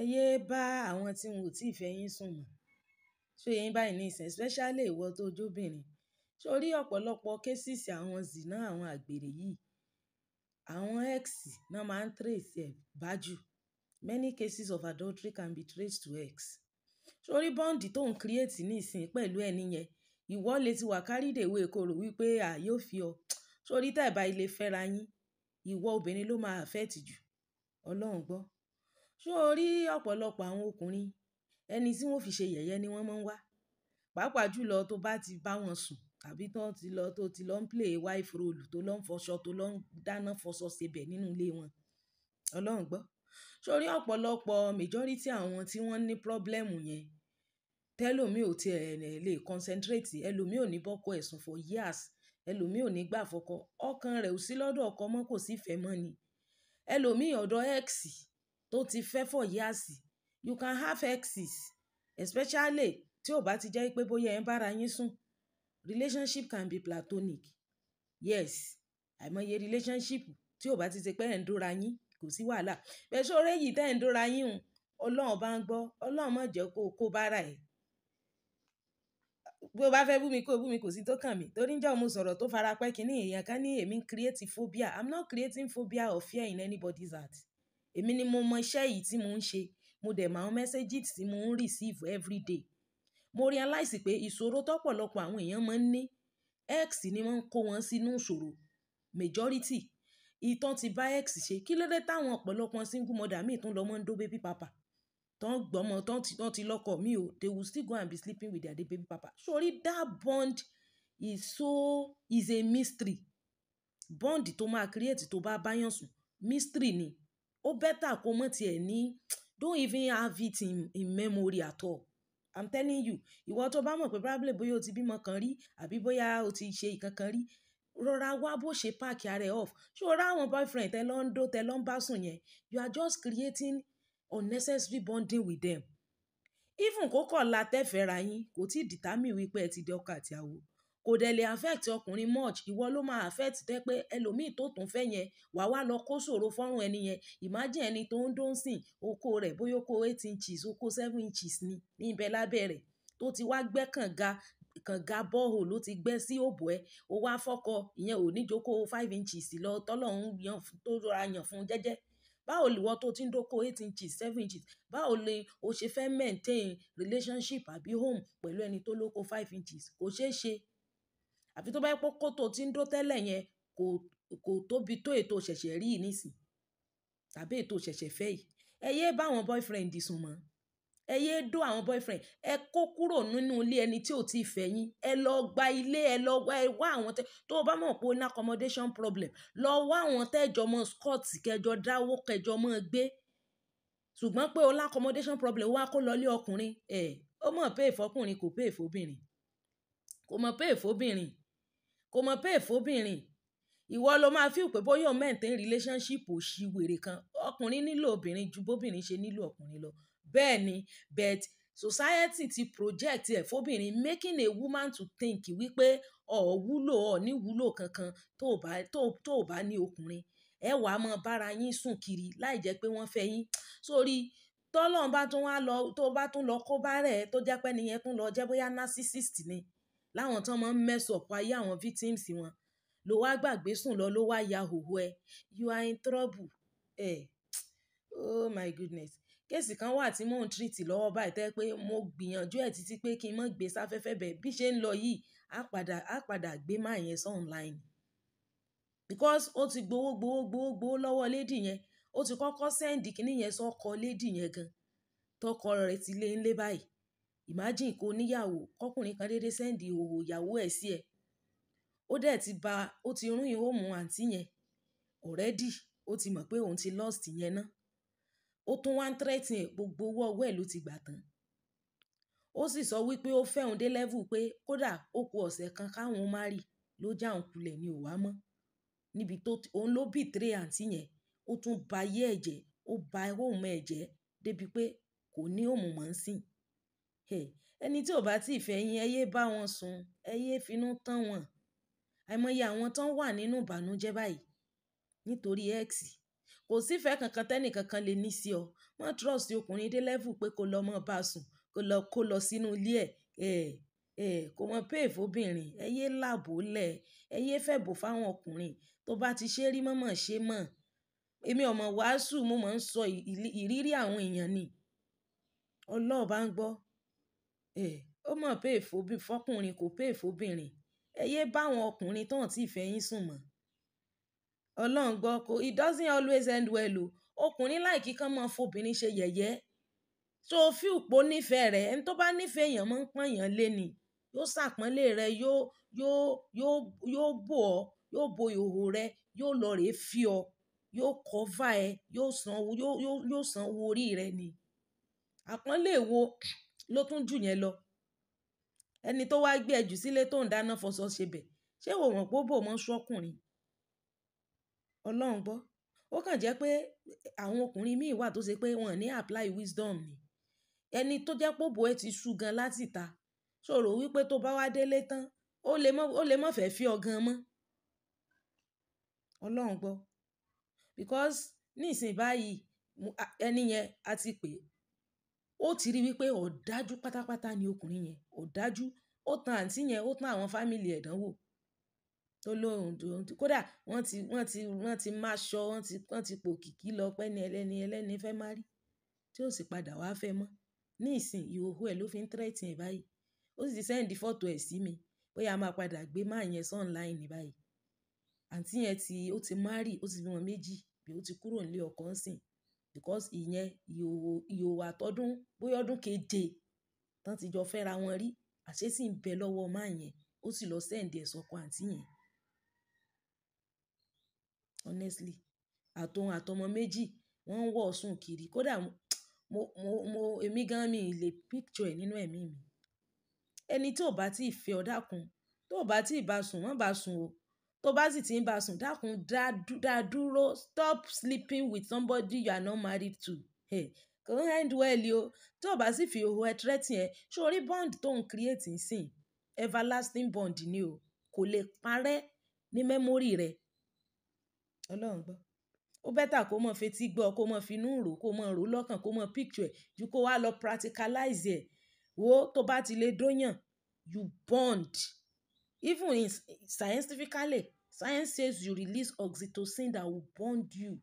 ẹ yé bá àwọn tí wọn ò tí ì fẹ́ yín sùn mọ́ ṣó yẹn báyìí nísìnyí especially ìwọ tó jóbìnrin sórí ọ̀pọ̀lọpọ̀ késìsì àwọn zina àwọn àgbèrè yìí àwọn x náà máa ń trace ẹ̀ bájù many cases of adultery can be traced to x sórí bọ́ǹdì tó ń create nísìnyí pẹ̀lú ẹni yẹn ìwọ lè ti wà carried away kòrò wípé a yóò fi ọ sórí tẹ̀ bá ilé fẹ́ra yín ìwọ obìnrin ló máa affect jù ọlọ́run gbọ́ Ṣé o rí ọ̀pọ̀lọpọ̀ àwọn ọkùnrin, ẹni tí wọ́n fi ṣe yẹ̀yẹ́ ni wọ́n máa ń wá. Pàápàá jùlọ tó bá ti bá wọn sùn tàbí tó ti lọ, tó ti lọ ń play wife role, tó lọ ń fọṣọ, tó lọ ń dáná fọṣọ sebẹ̀ nínú ilé wọn. Ọlọ́run gbọ́. Ṣé o rí ọ̀pọ̀lọpọ̀ majority àwọn tí wọ́n ní problem yẹn, tẹ́lòmí ò tí ẹ lè concentrate, ẹlòmí ò ní bọ́kọ ẹ̀ sùn for years, ẹlòmí ò ní gbà fọkọ, ọkàn rẹ̀ ò sí lọ́dọ̀ ọkọ mọ́, kò sí ìfẹ́ mọ́ ni. Ẹlòmí ọ̀dọ̀ ex tó ti fẹ́ for years you can have exes especially tí ò bá ti jẹ́ pé bóyá ẹ ń bára yín sùn relationship can be platonic yes àìmọye relationship tí ò bá ti ṣe pé ẹ̀ ń dóra yín kò sí wàhálà bẹ́ẹ̀ ṣóore yìí tẹ́ ẹ̀ ń dóra yín hùn ọlọ́run bá ń gbọ́ ọlọ́run má jẹ́ kó kó bára ẹ̀ bí o bá fẹ́ bú mi kó o bú mi kò sí tó kàn mí torí níjọ́ mo sọ̀rọ̀ tó fara pẹ́ kínní èèyàn kan ní èmi ń create phobia i'm not creating phobia or fear in anybody's heart Èmi ni mo mọ iṣẹ́ yìí tí mò ń ṣe. Mo dẹ̀ mọ àwọn messages tí mò ń receive every day. Mo realize pé ìṣòro tọ́pọ̀lọpọ̀ àwọn èèyàn máa ń ní, X ni wọ́n ń kó wọn sínú ìṣòro majority. Ìtàn ti bá X ṣe. Kí ló dé táwọn ọ̀pọ̀lọpọ̀ single mother mi tún lọ máa ń dó baby papa? Tán gbọ́mọ, tán ti, tán ti lọ́kọ mi ò, they will still go and be sleeping with their baby papa. Sórí that bond is so, is a mystery. Bond tó máa create tó bá bá sùn, mystery ni ó bẹ́tà kó mọ̀ tiẹ̀ ní don't even have it in, in memory at all i'm telling you ìwọ tó bá mọ̀ pé probably bóyá o ti bímọ kan rí àbí bóyá o ti ṣe ìkankan rí rọra wá bó ṣe páàkì ara ẹ off ṣé o àwọn boyfriend tẹ ló ń dó tẹ ló ń bá sùn yẹn you are just creating unnecessary bonding with them even kókọ̀ la tẹ́fẹ̀ẹ́ ra yín kò tí ì dìtámì wípé ẹ ti di ọkọ àti kò dẹ̀ lè affect ọkùnrin much ìwọ ló máa affect tẹ́ pé ẹlòmíì tó tún fẹ́ yẹn wà wá lọ kó ṣòro fọ́rùn ẹni yẹn imagine ẹni tó ń dó ń sìn oko rẹ̀ bóyá oko eight inches oko seven inches ni ní ibẹ̀ lábẹ́ rẹ̀ tó ti wá gbẹ́ kànga kànga bọ́ọ̀hò ló ti gbẹ́ sí òbò ẹ̀ o wá fọ́kọ ìyẹn ò ní jókòó five inches lọ tọ́lọ̀ ń yan tó rọra yàn fún jẹ́jẹ́ báwo lìwọ tó ti ń dóko eight inches seven inches báwo ni o ṣe fẹ́ maintain relationship àbí home pẹ̀lú ẹni tó lóko five inches kò ṣeé ṣe àfi tó bá yẹ pé kótó tí ń dó tẹ́lẹ̀ yẹn kò kò tóbi tó ètò ṣẹ̀ṣẹ̀ rí yìí nísìn tàbí ètò ṣẹ̀ṣẹ̀ fẹ́ yìí ẹ yéé bá àwọn boyfriend sùn mọ́ ẹ yéé dó àwọn boyfriend ẹ kó kúrò nínú ilé ẹni tí ò tí ì fẹ́ yín ẹ lọ gba ilé ẹ lọ wá ẹ wá àwọn tẹ tó o bá mọ̀ pé o ní accommodation problem lọ wá àwọn tẹ́jọ mọ scott kẹjọ dáwó kẹjọ mọ gbé ṣùgbọ́n pé o ní accommodation problem wá kó lọlé ọkùnrin ẹ ó mọ̀ pé èfọkùnrin kò pé èfobìnrin kò mọ̀ pé èfobìnrin kò mọ̀ pé èfóbìnrin ìwọ ló máa fi pé bóyá òun maintain relationship òṣì wèrè kan ọkùnrin nílò obìnrin ju bóbìnrin ṣe nílò ọkùnrin lọ bẹ́ẹ̀ ni but society ti project ẹ̀ making a woman to think wípé ọ̀ wúlò ọ̀ ní wúlò kankan tó o bá tó tó o bá ní ọkùnrin ẹ wà á mọ bára yín sùn kiri láì jẹ́ pé wọ́n fẹ́ yín sórí tọ́lọ́n bá tún wá lọ tó bá tún lọ kó bá rẹ̀ tó jẹ́ pé nìyẹn tún lọ jẹ́ bóyá narcissist ni láwọn tán máa ń mess up ayé àwọn victims wọn ló wá gbàgbé sùn lọ ló wá ya hòhò ẹ you are in trouble ẹ eh. oh my goodness kéèsì kan wà tí mò ń treat lọ́wọ́ báyìí tẹ́ pé mo gbìyànjú ẹ̀ títí pé kí n má gbé sáfẹ́fẹ́ bẹ̀ bí ṣe ń lọ yìí á padà á padà gbé máa yẹn sọ online because ó ti gbowó gbowó gbowó gbowó lọ́wọ́ lady yẹn ó ti kọ́kọ́ sẹ́ndì kínní yẹn sọ́kọ lady yẹn gan tọkọ rẹ̀ ti lé ńlé báyìí Imagine kó níyàwó, kọ́kùnrin kan dédé sẹ́ǹdì ìhòhò ìyàwó ẹ̀ sí ẹ. Ó dẹ̀ ti ba, ó ti rún ìhòmù àǹtí yẹn. Already, ó ti mọ̀ pé òun ti lost yẹn ná. Ó tún wá ń threaten ẹ̀, gbogbo owó ọwọ́ ẹ̀ ló ti gbà tán. Ó sì sọ wípé ó fẹ́ òun dé level pé kódà ó ku ọ̀sẹ̀ kan káwọn marry ló já òun kulẹ̀ ni ò mọ́. Níbi tó, òun ló betray àǹtí yẹn. Ó tún ba ayé ẹ̀ ó ba home ẹ̀ débi pé kò ní home mọ́ ń sìn ẹni tí ò bá tí ì fẹ́ yín ẹ yé bá wọn sùn ẹ yé finú tán wọn àìmọye àwọn tán wà nínú ìbànújẹ́ báyìí nítorí x kò sífẹ̀ẹ́ kankan tẹ́nì kankan lè ní sí ọ wọ́n trust ọkùnrin dé level pé kó lọ mọ́ bá sùn kó lọ kó lọ sínú ilé ẹ̀ ẹ̀ kò mọ pay fóbìnrin ẹ yé láàbò lẹ̀ ẹ yé fẹ̀bò fáwọn ọkùnrin tó bá ti ṣe rí mọ́mọ́ ṣe mọ́ èmi ọmọ wàásù mo máa ń sọ ìrírí àwọn èèyàn ni ọlọ́ọ̀ bá ń gbọ́ um ó mà péè fọkùnrin kó péè fọbìnrin ẹ yéé báwọn ọkùnrin tó ń tì fẹ́yìn sùn mọ́ ọlọ́run gbọ́ kó it doesn't always end well o ọkùnrin láìkí kán máa fobìnrin ṣe yẹ̀yẹ́ tó o fi òpó nífẹ̀ẹ́ rẹ̀ ẹni tó bá nífẹ̀ẹ́ èèyàn máa ń pọ́n èèyàn lé ni yóò ṣàpọ́nlé rẹ yóò yóò yóò yóò bò ọ́ yóò bo ìhòòhò rẹ yóò lọ rèé fi ọ́ yóò kọ́fà ẹ yóò sanwó yóò yóò sanwó orí rẹ ni àpọ́nlé wo ló tún jù yẹn lọ ẹni tó wáá gbé ẹjù sílé tó ń dáná fọṣọ ṣebẹ̀ ṣé wò wọ́n pé ó bò mọ́ ṣọ́kùnrin ọlọ́run gbọ́ ó kàn jẹ́ pé àwọn ọkùnrin míì wà tó ṣe pé wọ́n ní apply wisdom ni ẹni tó jẹ́ pé bòẹ́ ti ṣú gan láti ta ṣòro wípé tó bá wá délé tán ó lè mọ̀ fẹ́ẹ́ fi ọ̀gan mọ́ ọlọ́run gbọ́ because nísìnyí báyìí ẹni yẹn a ti pè é ó ti rí wípé ọ̀dájú pátápátá ni ọkùnrin yẹn ọ̀dájú ó tan àǹtí yẹn ó tan àwọn fámìlì ẹ̀dánwò tó lóhùn dòhùn kódà wọ́n ti wọ́n ti wọ́n ti máṣọ wọ́n ti wọ́n ti pò kìkì lọ pẹ́ ni ẹlẹ́ni ẹlẹ́ni fẹ́ má rí tí ó sì padà wá fẹ́ mọ́ ní ìsìn ìhòòhò ẹ̀ ló fi ń tẹ́rẹ̀tì ẹ̀ báyìí ó sì ti sẹ́ǹdì fọ́tò ẹ̀ sí mi bóyá a máa padà gbé máa yẹn sọ́ọ̀nláìn ní báyìí àǹtí yẹn ti ó ti má rí ó ti bímọ méjì bí ó ti kúrò nílé ọkọ ń because ìyẹn ìhòòhò ìhòòhò àtọ́dún bóyá ọdún keje tán ti jọ fẹ́ra wọn rí àṣé sì ń bẹ lọ́wọ́ máa yẹn ó sì lọ sẹ́ǹdì ẹ̀ àǹtí yẹn honestly àtòun àtọmọ méjì wọ́n ń wọ̀ sùn kiri kódà mo mo mo èmi gan mi lè picture ẹ̀ nínú ẹ̀mí mi ẹni tí ò bá tí ì fẹ́ ọ dákun tó bá tí bá sùn má bá sùn o tó bá sì ti ń bá a sùn dákun dá dúró stop sleeping with somebody you are not married to kò ń end well o tó o bá sì fi òhò ẹ tírẹ́tì ẹ sórí bond tó ń create ń sìn everlasting bond ni o kò lè parẹ́ ní mẹ́mórì rẹ ọlọ́run gbọ́ ó bẹ́tà kó mọ̀ fetí gbọ́ kó mọ̀ finú rò kó mọ̀ rò lọ́kàn kó mọ̀ picture ẹ̀ ju kó wá lọ practicalize ẹ̀ wo tó bá ti lè dóyàn you bond even in scientifically science says you release oxytocin that will bond you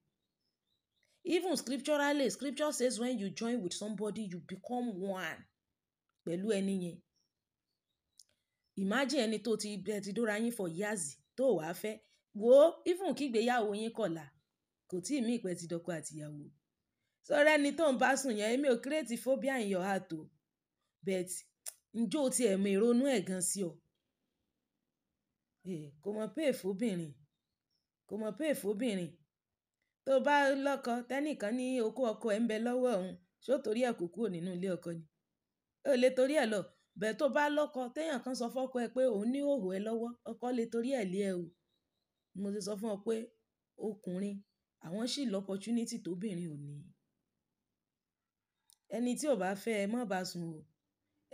even scripturally scripture says when you join with somebody you become one pẹ̀lú ẹni yẹn imagine ẹni tó ti bẹ ti dóra yín for years tó wàá fẹ́ wo even kígbéyàwó yín kọ̀la kò tí ì mí ìpẹ́ ti dọ́kọ àtìyàwó sọ̀rọ̀ ẹni tó ń bá sùn yẹn èmi ò create phobia in your heart o but njó tiẹ̀ mọ ìrònú ẹ̀ gan sí ọ Eh, kò mọ̀ pé èfóbìnrin, kò mọ̀ pé èfóbìnrin. Tó bá lọ́kọ, tẹ́nìkan ní okó ọkọ ẹ̀ ń bẹ lọ́wọ́ òun, ṣé ó torí ẹ̀ kò kúrò nínú ilé ọkọ ni? Ó lè torí ẹ̀ lọ. Bẹ̀ tó bá lọ́kọ, tẹ́yàn kan sọ fún ọkọ ẹ pé òun ní hòhò ẹ lọ́wọ́, ọkọ lè torí ẹ̀ lé ẹ o. Mo ti sọ fún ọ pé ọkùnrin, àwọn sì lọ opportunity tó obìnrin ò ní. Ẹni tí ò bá fẹ́ ẹ má ba sùn o.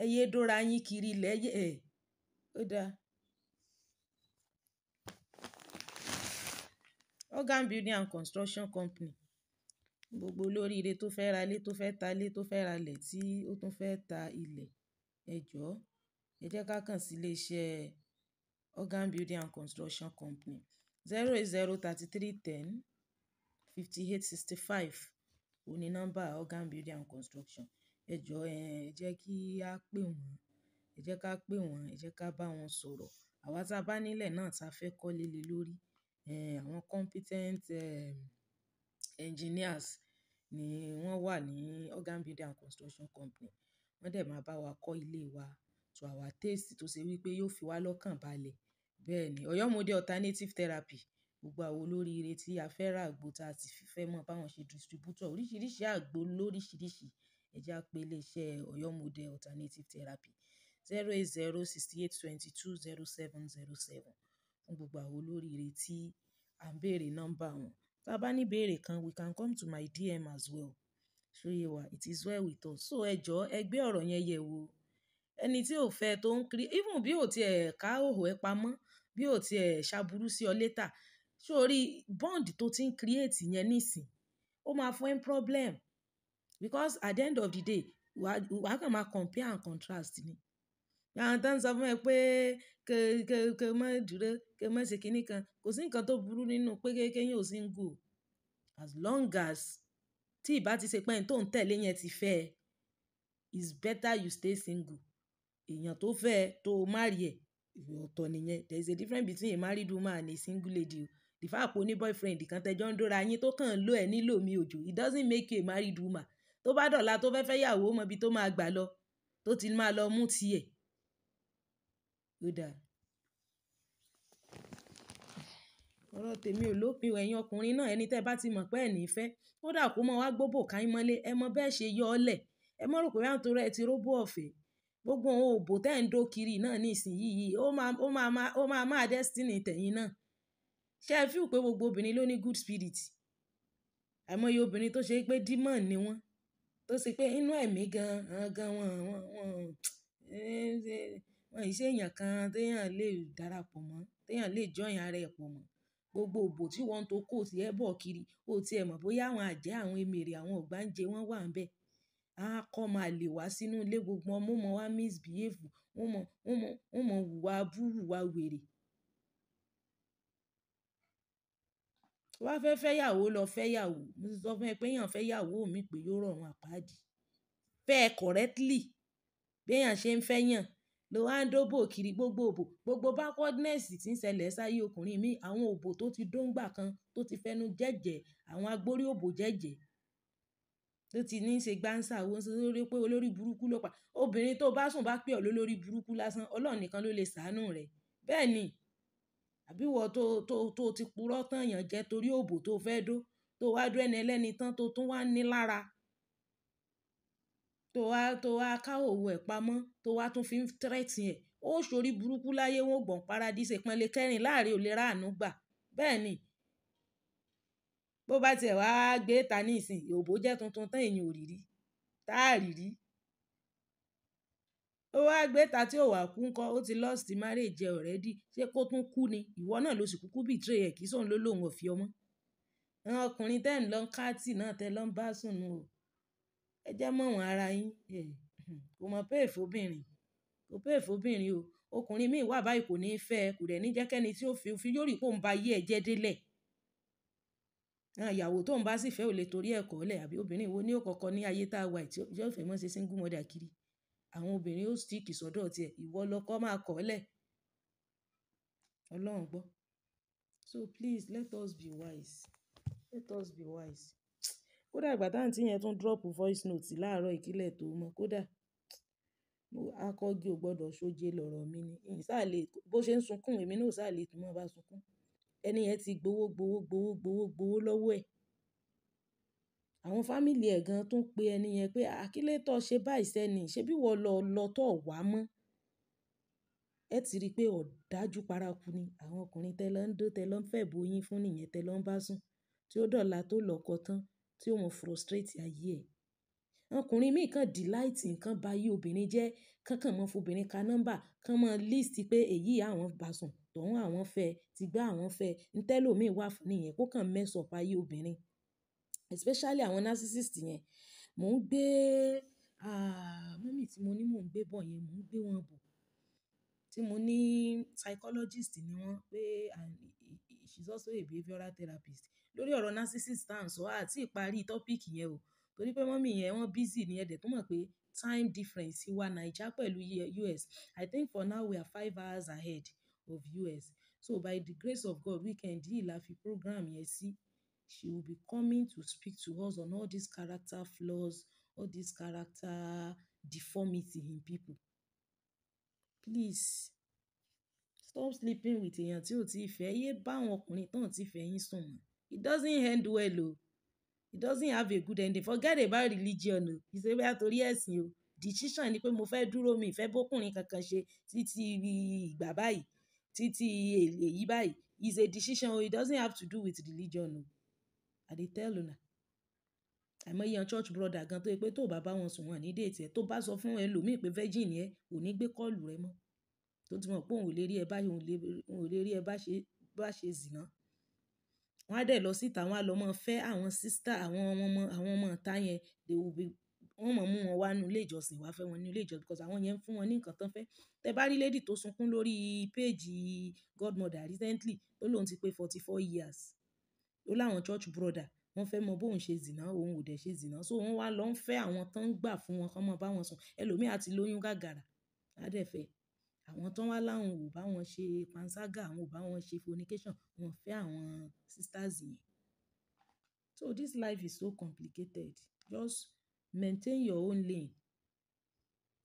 Ẹ yé dóra yín kiri ilẹ̀, ẹ. Ó dáa. organ building and construction company gbogbo olóríire tó fẹ́ ra ilé tó fẹ́ ta ilé tó fẹ́ ra ilẹ̀ tí ó tún fẹ́ ta ilẹ̀ ẹ jọ̀ọ́ ẹ jẹ́ ká kàn sí iléeṣẹ́ organ building and construction company zero eight zero thirty three ten fifty eight sixty five òní nọ́mbà organ building and construction ẹ jọ̀ọ́ ẹ jẹ́ kí á pè wọ́n ẹ jẹ́ ká pè wọ́n ẹ jẹ́ ká bá wọn sọ̀rọ̀ àwa tá a bá nílẹ̀ náà tá a fẹ́ kọ́lé lé lórí Eh, àwọn competent um engineers ni wọ́n wà ní organ building and construction company wọ́n dẹ̀ máa bá wa kọ́ ilé wa to our taste tó ṣe wípé yóò fi wá lọ́kàn balẹ̀ bẹ́ẹ̀ ni ọ̀yọ́mọdé alternative therapy gbogbo àwọn olóríire tí a fẹ́ rà àgbo tá a sì fẹ́ mọ̀ báwọn ṣe distributor oríṣiríṣi àgbo lóríṣiríṣi ẹ jẹ́ á iléeṣẹ́ ọ̀yọ́mọdé alternative therapy zero eight zero sixty eight twenty two zero seven zero seven fún gbogbo àwọn olóríire tí à ń béèrè nọ́mbà wọn. Tí a bá ní ìbéèrè kan, we can come to my DM as well. Ṣó wa? It is well with us. So ẹ jọ̀ọ́, ẹ gbé ọ̀rọ̀ yẹn yẹ̀ wò. Ẹni tí ò fẹ́ tó ń kiri, even bí ò ti ẹ̀ ká òhò ẹ pamọ́, bí ò ti ẹ̀ ṣàbúrú sí ọ létà, ṣó bond tó ti ń create yẹn nísìnyí, ó máa fún ẹ problem. Because at the end of the day, wà á kàn máa compare and contrast ni. Àwọn tó ń sọ fún ẹ pé kí, kí, kí o má dúró, kí ẹ má ṣe kan kò sí nǹkan tó burú nínú pé kéyìn ò single as long as tí ìbá ti ṣe pé ẹni tó ń tẹ̀lé yẹn ti fẹ́ ẹ it's better you stay single èèyàn tó fẹ́ ẹ tó o má rí ẹ ọ̀tọ̀ nìyẹn there is a difference between a married woman and a single lady o the fact pé o ní boyfriend kan tẹjọ́ ń dóra yín tó kàn ń lo ẹ̀ nílò mi òjò it doesn't make you a married woman tó bá dọ̀la tó fẹ́ fẹ́ yàwó mọ ibi tó máa gbà lọ tó ti máa lọ mú tiẹ̀ ó dáa. Ọ̀rọ̀ tèmi ò lópin, ẹ̀yin ọkùnrin náà ẹni tí bá ti mọ̀ pé ẹ̀ ní ìfẹ́, ó dà kó mọ́ wá gbóbò ká yín mọ́lé, ẹ mọ bí ẹ ṣe yọ ọ́ lẹ̀. Ẹ má rò pé boya nítorí ẹ ti róbó ọ̀fẹ́. Gbogbo ohun òbò tí ń dó kiri náà nísinsìnyí, ó máa, ó máa máa, ó máa máa destiny tẹ̀yin náà. Ṣé ẹ feel pé gbogbo obìnrin ló ní good spirit? Àìmọye obìnrin tó ṣe pé demon ni wọ́n, tó ṣe pé inú ẹ̀mí gan-an gan wọ́n, wọ́n, wọ́n, wọ́n eh, eh, ì ṣe èèyàn kan tí èèyàn lè darapọ̀ mọ́, tí lè join ara ẹ̀ pọ̀ mọ́. Gbogbo òbò tí wọ́n ń to kó tí ẹ bọ̀ kiri, ó ti ẹ̀ mọ̀ bóyá àwọn àjẹ́, àwọn emèrè, àwọn ọ̀gbáǹjẹ wọ́n wà níbẹ̀. A kọ́ máa lè wá sínú ilé gbogbo wọn, wọ́n mọ wá misbehave, wọ́n mọ, wọ́n mọ, wọ́n mọ wùwà aburu, wùwà wèrè. Tó bá fẹ́ fẹ́ ìyàwó lọ fẹ́ ìyàwó. Mo ti sọ fún ẹ pé èèyàn fẹ́ ìyàwó mi pé yóò rọrùn àpáàdì. Fẹ́ ẹ correctly. Bí èèyàn ṣe ń fẹ́ èèyàn ló wá ń dóbò kiri gbogbo òbò gbogbo backwardness tí ń ṣẹlẹ̀ sáyé ọkùnrin mi àwọn òbò tó ti dóńgbà kan tó ti fẹnu jẹ́jẹ̀ àwọn agbórí òbò jẹ́jẹ̀ tó ti ní í ṣe gbáǹsà owó ń sọ lórí pé olórí burúkú ló pa obìnrin tó bá sùn bá pè ọ́ lólórí burúkú lásán ọlọ́run nìkan ló lè ṣàánú rẹ̀ bẹ́ẹ̀ ni àbíwọ̀ tó tó tó ti purọ́ tán yàn jẹ́ torí òbò tó fẹ́ dó tó wá dó ẹni ẹlẹ́ni tán tó tún wá ní lára tó wá tó wá ká òwò ẹ̀ pamọ́ tó wá tún fi ń tírẹ̀tì ẹ̀ ó ṣorí burúkú láyé wọn gbọ̀n paradíṣe pọ́nlé kẹrin láàrin ò lè gbà bẹ́ẹ̀ ni bó bá tiẹ̀ wá gbé ta ní ìsìn òbó jẹ́ tuntun tán èèyàn ò rírí tá a rírí ó wá gbé ta tí ò wà kú ńkọ́ ó ti lost marriage ẹ already ṣé kó tún kú ni ìwọ náà ló sì kúkú betray ẹ̀ kí sóun ló lóun ò fi ọmọ ọkùnrin tẹ́ ń lọ ń káàtì náà tẹ́ lọ ń bá sùn nù o ẹ jẹ́ mọ̀wọ́n ara yín. Hmm, kò mọ̀ pé èfóbìnrin, kò pé èfóbìnrin o. Ọkùnrin mìí wà báyìí kò ní fẹ́ ẹ, kò dẹ̀ ní jẹ́ tí ó fi òfin yóò rí pé òun ba ayé ẹ jẹ́ délẹ̀. ìyàwó tó ń bá sì fẹ́ ò lè torí ẹ̀ kọ́lẹ̀ àbí obìnrin wo ni ó ní ayé tá wà tí ó fẹ́ mọ́ ṣe single mother kiri. Àwọn obìnrin ó stick sọ́dọ̀ ti ìwọ lọkọ máa kọ́lẹ̀. Ọlọ́run gbọ́. So please let us be wise. Let us be wise. Kódà ìgbà tí yẹn tún drop voice note láàárọ̀ ìkílẹ̀ tó mọ̀. Kódà akọ́gi ò gbọdọ̀ sóje lọ̀rọ̀ mi ni. N bó ṣe ń sunkún, èmi náà ò sá lè bá sunkún. Ẹni yẹn ti gbowó, gbowó, gbowó, gbowó, gbowó lọ́wọ́ ẹ̀. Àwọn family ẹ̀ gan tún pe ẹni yẹn pé, "Àkílé ṣe báyìí sẹ́ni, ṣe bí lọ lọ tó wá mọ́?" Ẹ ti rí pé ọ̀dájú paraku ni. Àwọn ọkùnrin tẹ ń dó, tẹ ń fẹ̀bù yín fún nìyẹn, tẹ ń bá sùn, tí ó dọ̀la tó lọ́kọ tán tí ó mọ frustrate ayé ẹ̀. Ọkùnrin míì kan delight nǹkan ba ayé obìnrin jẹ́, kánkàn mọ́ fobìnrin ka nọ́mbà, kán mọ́ list pé èyí àwọn bá sùn, tọ̀ún àwọn fẹ́, ti gbá àwọn fẹ́. Ntẹ́lò míì wà fún nìyẹn kó kàn mess up ayé obìnrin. Especially àwọn narcissist yẹn. Mò ń gbé, ah, mummy tí mo ní mò ń gbé bọ̀ yẹn, mò ń gbé wọn bọ̀. Tí mo ní psychologist ni wọ́n pé and she's also a behavioral therapist lórí ọ̀rọ̀ narcissist tá à ń sọ àti ìparí tọ́píìkì yẹn o torí pé mọ́mì yẹn wọ́n busy ní ẹ̀dẹ̀ tó mọ̀ pé time difference wa naija pẹ̀lú US I think for now we are five hours ahead of US so by the grace of God weekend yìí la fi program yẹn sí she will be coming to speak to us on all these character flaws all these character deformity in people please stop sleeping with èèyàn tí ò tí ì fẹ́ yé bá àwọn ọkùnrin tán ti fẹ́ yín sùn it doesn't end well o oh. it doesn't have a good ending forget about religion o oh. ìṣèwé àtòrí ẹ̀sìn o oh. decision ni pé mo fẹ́ dúró mi ìfẹ́ bókùnrin kankan ṣe títí ìgbà báyìí títí èyí báyìí is a decision o it doesn't have to do with religion o i dey tell una àìmọye yan church brother gan tó yẹ pé tó bá bá wọn sùn wọn ní déètì ẹ tó bá sọ fún ẹlòmíì pé virgin ẹ ò ní gbé kọ́ọ̀lù rẹ mọ́ tó ti mọ̀ pé òun ò lè rí ẹ bá ṣe zìnà wọ́n á dẹ̀ lọ síta wọ́n á lọ máa fẹ́ àwọn sister àwọn ọmọ àwọn ọmọ ìta yẹn they will be wọ́n mọ̀ mú wọn wá nu ilé ìjọsìn wá fẹ́ wọn ní ilé ìjọsìn because àwọn yẹn ń fún wọn ní nǹkan tán fẹ́ tẹ bá rí lady tó sunkún lórí péèjì godmother recently tó lóun ti pé forty four years ó láwọn church brother wọ́n fẹ́ mọ bóun ṣe zìnà òun ò dẹ̀ ṣe zìnà so wọ́n wá lọ ń fẹ́ àwọn tán ń gbà fún wọn kán mọ bá wọn sùn ẹlòmíì àti lóyún gàgàrà á dẹ̀ fẹ́ àwọn tó wá láwọn ò bá wọn ṣe panṣágà àwọn ò bá wọn ṣe fornication wọn fẹ́ àwọn sisters yẹn so this life is so complicated just maintain your own lane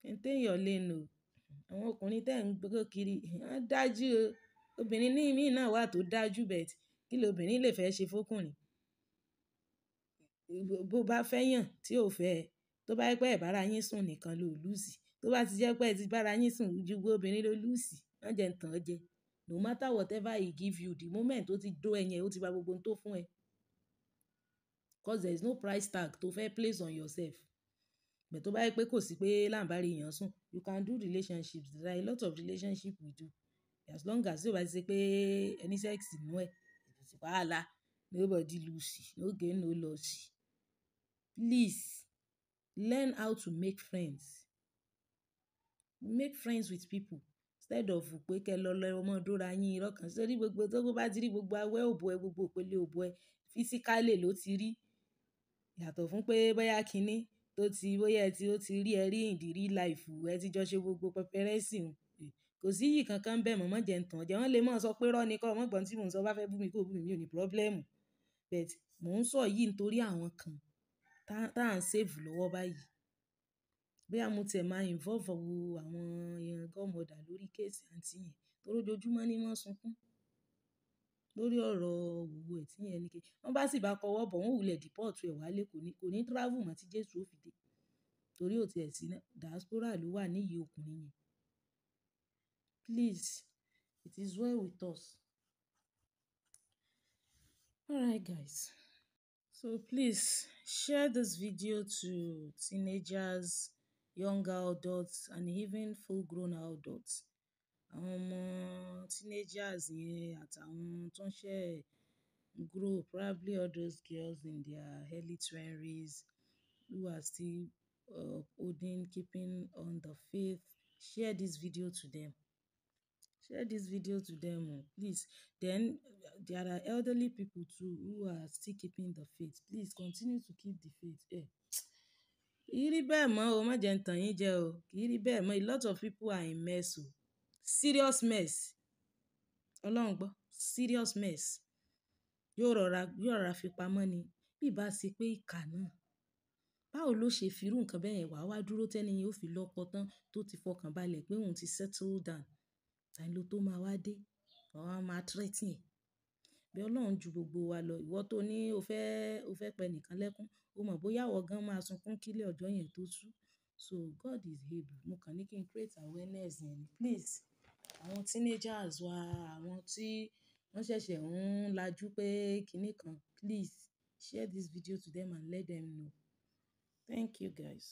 maintain your lane o àwọn ọkùnrin tẹ́ ń gbé kiri wọ́n dájú o obìnrin ní ìmí náà wà tó dájú bẹ́ẹ̀ kí lóbìnrin lè fẹ́ ṣe fọkùnrin bó bá fẹ́ yàn tí ò fẹ́ tó bá pẹ́ ìbára yín sùn nìkan ló lùzì Tó bá ti jẹ́ pé ẹ ti bára yín sùn, gbogbo obìnrin ló lùsì. Má jẹ ń tàn ẹ́ jẹ. No matter whatever he give you, the moment tó ti dó ẹ yẹn, ó ti ba gbogbo ohun tó fún ẹ. Because there is no price tag to fẹ́ place on yourself. But tó bá jẹ́ pé kò sí pé láǹbárí èèyàn sùn, you can do relationships. There are a lot of relationship we do. As long as tí ó bá ti ṣe pé ẹni sex nínú ẹ̀, kò wàhálà. Nobody lùsì, no gain no loss. Please learn how to make friends make friends with people instead of pé kẹ́ lọ lọ ọmọ dóra yín irọ́ kan sórí gbogbo tó bá ti rí gbogbo awẹ́ òbò ẹ gbogbo òpele òbò ẹ físíkálẹ̀ ló ti rí yàtọ̀ fún pé bóyá kinní tó ti bóyá ẹ ti ó ti rí ẹ rí ìdírí láìfù ẹ ti jọ ṣe gbogbo pẹpẹrẹsì hùn kò sí yìí kankan bẹ́ẹ̀ mọ̀mọ́ jẹ́ ń tàn jẹ́ wọ́n lè mọ̀ sọ pé rọ́ọ̀ni kọ́ ọmọ gbọ́n tí mò ń sọ bá fẹ́ bú mi kó bú mi mi ò ní pírọ́blẹ́mù but mò ń sọ yìí nítorí àwọn kan tá à ń sèvù lọ́wọ́ báyìí Bóyá mo tiẹ̀ máa involve àwọn godmother lórí case àǹtí yẹn, torí ojoojúmọ́ ni wọ́n sunkún lórí ọ̀rọ̀ òwò ẹ̀ tí yẹn ní kí. Wọ́n bá sì bá kọwọ́ bọ̀, wọ́n wulẹ̀ deport ẹ̀ wálé, kò ní, kò ní travel mọ́ tí Jésù ó fi dé. Torí ó ẹ̀ sí diaspora ló wà níyìí ọkùnrin yẹn. Please, it is well with us. Alright guys. So please share this video to teenagers, younger adults and even full grown adults àwọn ọmọ teenagers yẹn àtàwọn tó ń ṣẹ̀ grow probably all those girls in their early twenties who are still uh, holding keeping on the faith share this video to them share this video to them oh, please then there are elderly people too who are still keeping the faith please continue to keep the faith. Eh. Kìí rí bẹ́ẹ̀ mọ́ o, má jẹ ń tàn yín jẹ o. Kìí rí bẹ́ẹ̀ mọ́. A lot of people are in mess o. Serious mess. Ọlọ́run gbọ́. Serious mess. Yóò rọra, yóò rọra fi pamọ́ ni. Bí ìbá ṣe pé ìkà náà. Báwo ló ṣe fi irú nǹkan bẹ́ẹ̀ yẹn wá wá dúró tẹ́ni yẹn fi lọ́kọ tán tó ti fọkàn balẹ̀ pé òun ti settle down. Tani ló tó máa wá dé? Wọ́n máa threaten ẹ̀. Bẹ Ọlọ́run ju gbogbo wa lọ. Ìwọ tó ní o fẹ́, o fẹ́ pẹ nìkan lẹ́kún, o mọ̀ bóyá ìwọ gan máa sunkún kí ọjọ́ yẹn tó ṣú. So God is able. Mo kàn ní kí n create awareness yẹn ni. Please, àwọn teenagers wa, àwọn tí wọ́n ṣẹ̀ṣẹ̀ ń lajú pé kíni kan, please share this video to them and let them know. Thank you guys.